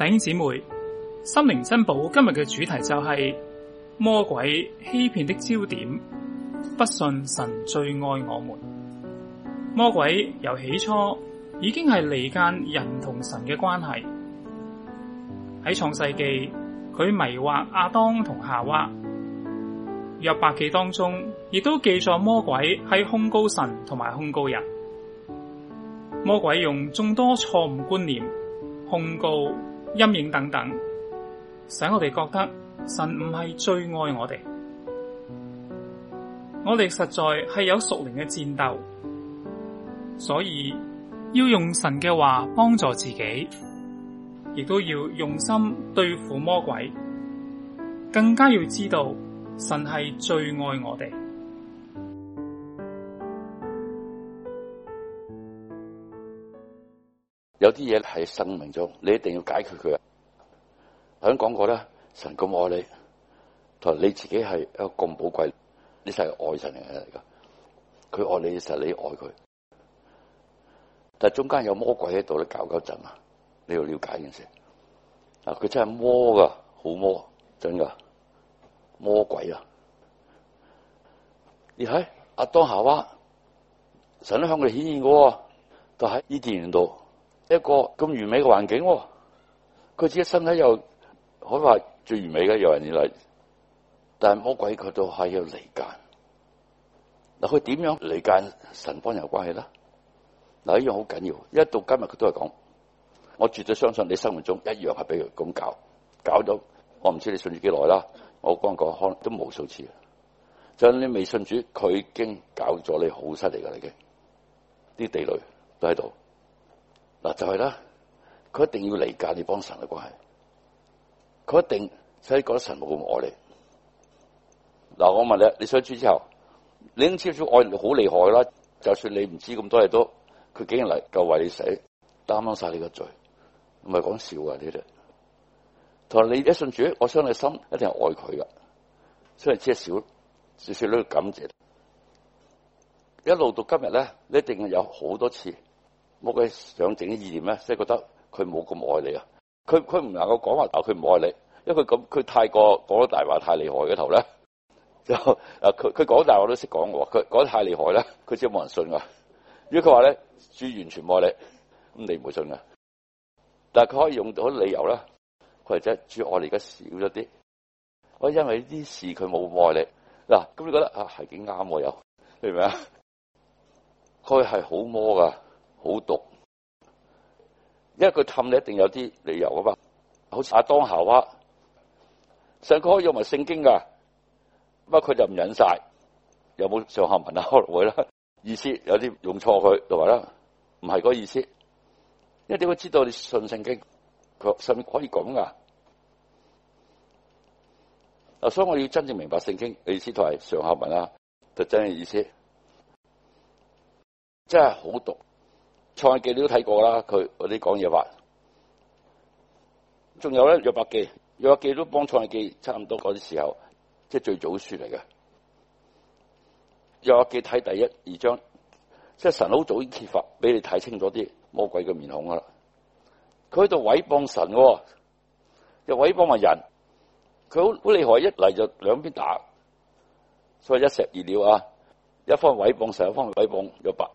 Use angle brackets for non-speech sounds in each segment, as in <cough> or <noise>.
弟兄姊妹，心靈珍寶，今日嘅主題就係、是、魔鬼欺騙的焦點。不信神最愛我們，魔鬼由起初已經係離間人同神嘅關係。喺創世記，佢迷惑亞當同夏娃；約伯記當中，亦都記載魔鬼係控告神同埋控告人。魔鬼用眾多錯誤觀念控告。陰影等等，使我哋覺得神唔係最愛我哋，我哋實在係有屬靈嘅戰鬥，所以要用神嘅話幫助自己，亦都要用心對付魔鬼，更加要知道神係最愛我哋。有啲嘢係生命中，你一定要解決佢啊。頭先講過咧，神咁愛你，同你自己係一個咁寶貴，你係愛神嚟噶。佢愛你，其實你愛佢，但係中間有魔鬼喺度咧，你搞搞震啊！你要了解件事啊，佢真係魔噶，好魔，真噶魔鬼啊！你睇阿當夏娃，神都向佢顯現過，都喺伊甸園度。一個咁完美嘅環境，哦，佢自己身體又可話最完美嘅，有人以嚟，但係魔鬼佢都係要離間。嗱，佢點樣離間神幫人關係咧？嗱，一樣好緊要，一到今日佢都係講，我絕對相信你生活中一樣係俾佢咁搞，搞咗。我唔知你信主幾耐啦，我講過可能都無數次，就係你未信主，佢已經搞咗你好犀利噶啦，已經啲地雷都喺度。嗱就係、是、啦，佢一定要離間你幫神嘅關係，佢一定使你覺得神冇咁愛你。嗱我問你，你信主之後，你已咁接受愛，好厲害啦！就算你唔知咁多嘢都，佢竟然嚟救為你死，擔當晒你嘅罪，唔係講笑啊！呢啲，同你一信主，我相信你的心一定係愛佢噶，所以借少少少啲感謝。一路到今日咧，一定，一你一定有好多次。冇佢想整啲意念咧，即係覺得佢冇咁愛你啊！佢佢唔能夠講話啊！佢唔愛你，因為佢咁佢太過講大話太厲害嘅頭咧，就啊佢佢講大話都識講嘅，佢講得太厲害咧，佢先冇人信嘅。如果佢話咧主完全冇愛你，咁你唔會信嘅。但係佢可以用到理由呢，佢或者主愛你而家少咗啲，我因為呢啲事佢冇愛你嗱，咁你覺得啊係幾啱喎又？你明唔明啊？佢係好魔㗎。好毒，因為佢氹你一定有啲理由啊嘛。好似阿當夏娃，上句可以用埋聖經噶，乜佢就唔忍晒，又有冇上下文啊？可能會啦，意思有啲用錯佢就話啦，唔係嗰意思，因為點會知道你信聖經，佢上面可以咁噶？啊，所以我要真正明白聖經意思就係上下文啊就真係意思，真係好毒。創世記你都睇過啦，佢嗰啲講嘢話，仲有咧約伯記，約伯記都幫創世記差唔多嗰啲時候，即係最早書嚟嘅。約伯記睇第一二章，即係神好早已揭發，俾你睇清楚啲魔鬼嘅面孔㗎喇。佢喺度毀謗神，又毀謗埋人，佢好好厲害，一嚟就兩邊打，所以一石二鳥啊！一方毀謗神，一方毀謗約伯，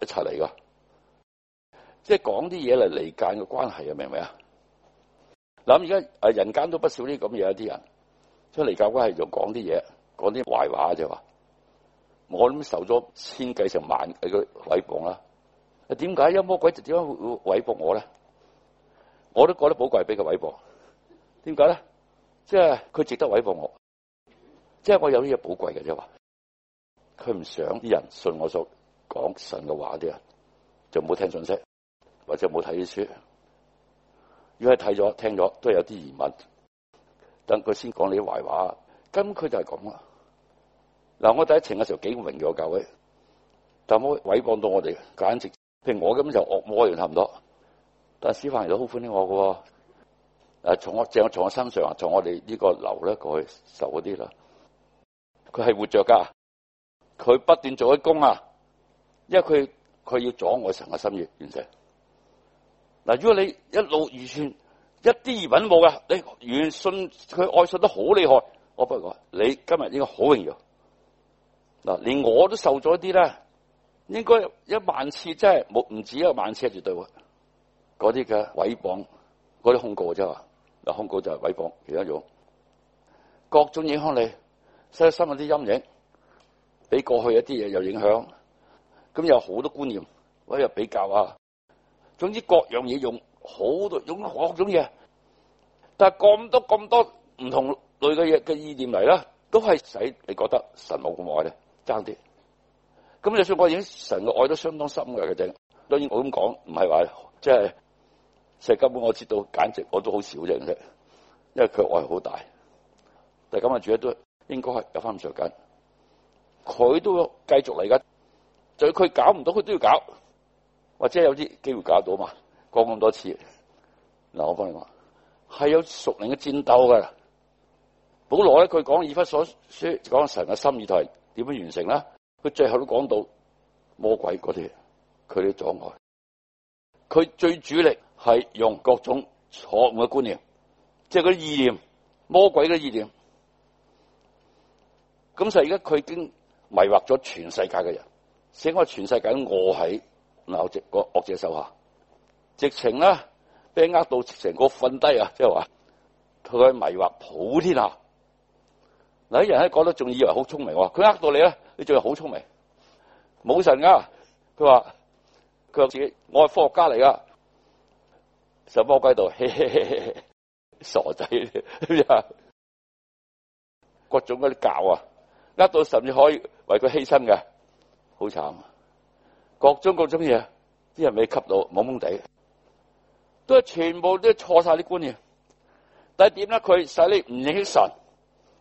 一齊嚟噶。即係講啲嘢嚟離間嘅關係啊！明唔明啊？諗而家人間都不少啲咁嘅嘢，啲人，所以離間關係仲講啲嘢，講啲壞話就話，我咁受咗千幾成萬嘅個毀謗啦。點解有魔鬼就點解會毀謗我咧？我都覺得寶貴俾佢毀謗，點解呢？即係佢值得毀謗我，即係我有啲嘢寶貴嘅，即係話，佢唔想啲人信我所講神嘅話，啲人就唔好聽信息。或者冇睇啲書，如果係睇咗聽咗，都有啲疑問。等佢先講你啲壞話，咁佢就係咁啦。嗱，我第一程嘅時候幾榮耀嘅，教會，但係我毀謗到我哋，簡直譬如我咁就惡魔，完差唔多。但係師範都好歡迎我㗎喎。從我正係從我身上，從我哋呢個流咧過去受嗰啲啦。佢係活著㗎，佢不斷做一工啊，因為佢佢要阻礙成嘅心意，完成。嗱，如果你一路預算一啲疑品冇㗎，你原信佢愛信得好厲害，我不如講，你今日應該好榮耀。嗱，連我都受咗啲咧，應該一萬次即係冇，唔止一萬次絕對喎。嗰啲嘅毀謗，嗰啲控告啫嘛。嗱，控告就係毀謗，其他種各種影響你，心心有啲陰影，畀過去一啲嘢有影響。咁有好多觀念，我哋比較啊。總之各樣嘢用好多，用各種嘢，但係咁多咁多唔同類嘅嘢嘅意念嚟啦，都係使你覺得神冇咁愛咧，爭啲。咁就算我已經神嘅愛都相當深嘅嘅啫。當然我咁講唔係話即係，其實、就是就是、根本我知道簡直我都好少啫，因為佢愛好大。但係今日主都應該有返咁上下，佢都繼續嚟緊。就佢、是、搞唔到，佢都要搞。或者有啲機會搞到嘛？講咁多次嗱，我幫你話係有屬靈嘅戰鬥嘅。保羅咧，佢講以弗所書講神嘅心意就係點樣完成啦。佢最後都講到魔鬼嗰啲佢啲阻礙，佢最主力係用各種錯誤嘅觀念，即係嗰啲意念，魔鬼嘅意念。咁所以而家佢已經迷惑咗全世界嘅人，成個全世界都臥喺。嗱，直個惡者手下，直情咧被呃到成個瞓低啊！即係話，佢喺迷惑普天下。嗱啲人喺講得仲以為好聰明，話佢呃到你咧，你仲係好聰明，冇神噶、啊。佢話佢自己我係科學家嚟噶，就魔鬼度傻仔，各 <laughs> 種嗰啲教啊，呃到甚至可以為佢犧牲嘅，好慘。各種各樣嘢，啲人未吸到懵懵地，都係全部都錯晒啲觀念。但係點咧？佢使你唔認識神，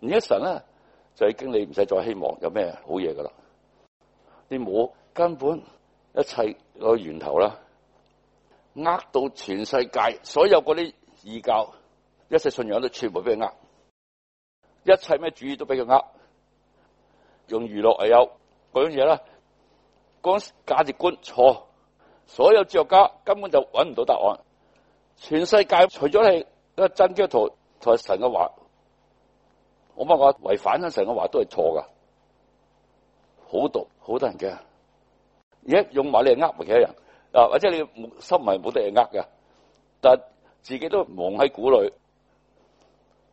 唔認識神咧，就係經理唔使再希望有咩好嘢噶啦。你冇根本一切個源頭啦，呃到全世界所有嗰啲異教一切信仰都全部俾佢呃，一切咩主義都俾佢呃，用娛樂嚟有嗰樣嘢啦。講價值觀錯，所有哲學家根本就揾唔到答案。全世界除咗你，係真經圖同神嘅話，我唔好話違反咗神嘅話都係錯噶，好毒，好得人驚，而家用埋你係呃其他人，啊或者你心唔係冇得人呃嘅，但自己都蒙喺鼓裏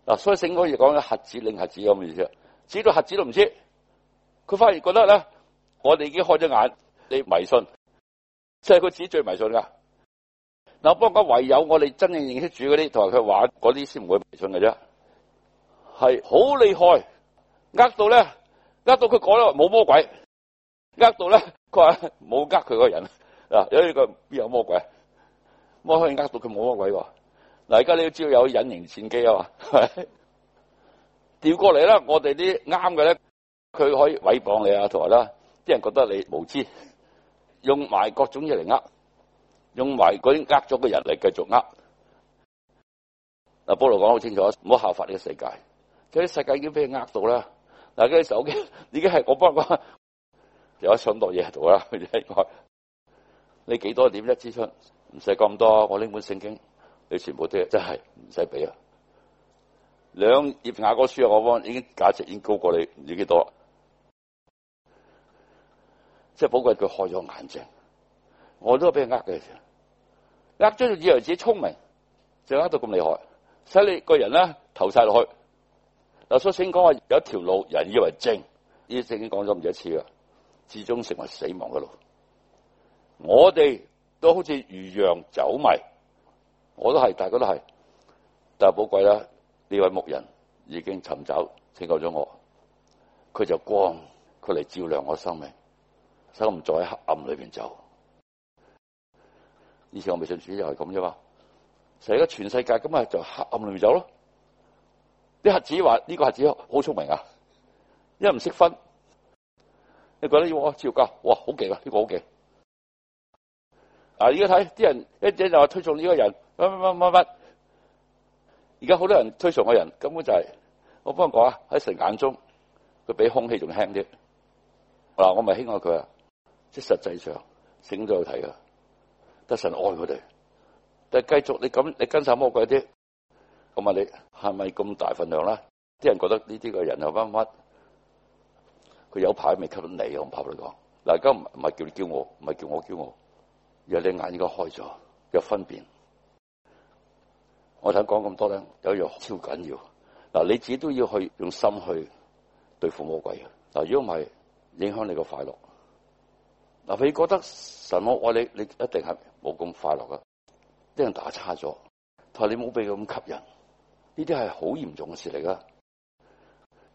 嗱、啊，所以聖哥就講啲核子領核子咁嘅意思，指到核子都唔知道，佢反而覺得咧，我哋已經開咗眼。你迷信，即係佢自己最迷信噶。嗱，我講，唯有我哋真正認識主嗰啲，同埋佢玩嗰啲，先唔會迷信噶啫。係好厲害，呃到咧，呃到佢改咗話冇魔鬼，呃到咧，佢話冇呃佢個人。嗱， <laughs> 因佢邊有魔鬼，我可以呃到佢冇魔鬼喎。嗱，而家你要知道有隱形戰機啊嘛，係咪？調過嚟啦，我哋啲啱嘅咧，佢可以毀謗你啊，同埋啦，啲人覺得你無知。用埋各種嘢嚟呃，用埋嗰啲呃咗嘅人嚟繼續呃。保羅講得好清楚，唔好效法呢個世界。嗰啲世界已經俾佢呃到啦。嗱，嗰啲手機已經係我幫我有一想到嘢喺度啦。你幾多點一支出？唔使咁多，我拎本聖經，你全部都真係唔使俾啊。兩頁雅歌書，我幫已經價值已經高過你，唔知幾多。即係寶貴，佢開咗眼睛，我都係俾人呃嘅。呃咗以為自己聰明，就呃到咁厲害，使你個人咧投晒落去。嗱，所以箴言講話有一條路，人以為正，呢啲箴言講咗唔止一次啦，至終成為死亡嘅路。我哋都好似如羊走迷，我都係，大家都係，但係寶貴啦，呢位牧人已經尋找拯救咗我，佢就光，佢嚟照亮我生命。使唔再喺黑暗裏邊走？以前我未信主又係咁啫嘛，成個全世界咁啊，就黑暗裏面走咯。啲核子話呢個核子好聰明啊，因為唔識分，你覺得要我照教？哇，好勁啊！呢個好勁。嗱，而家睇啲人一直就話推崇呢個人乜乜乜乜乜，而家好多人推崇嘅人根本就係我幫佢講啊，喺神眼中佢比空氣仲輕啲。嗱，我咪輕過佢啊！即實際上，醒咗去睇噶。得神愛佢哋，但係繼續你咁，你跟上魔鬼啲咁啊，你係咪咁大份量啦？啲人覺得呢啲個人又乜乜，佢有牌未？給到你，我唔怕你講嗱。而家唔係叫你叫我，唔係叫我叫我，若你眼應該開咗，有分辨。我想講咁多咧，有一樣超緊要嗱，你自己都要去用心去對付魔鬼啊。嗱，如果唔係，影響你個快樂。嗱，你覺得神我愛你，你一定係冇咁快樂噶，啲人打岔咗，佢話你冇俾佢咁吸引，呢啲係好嚴重嘅事嚟。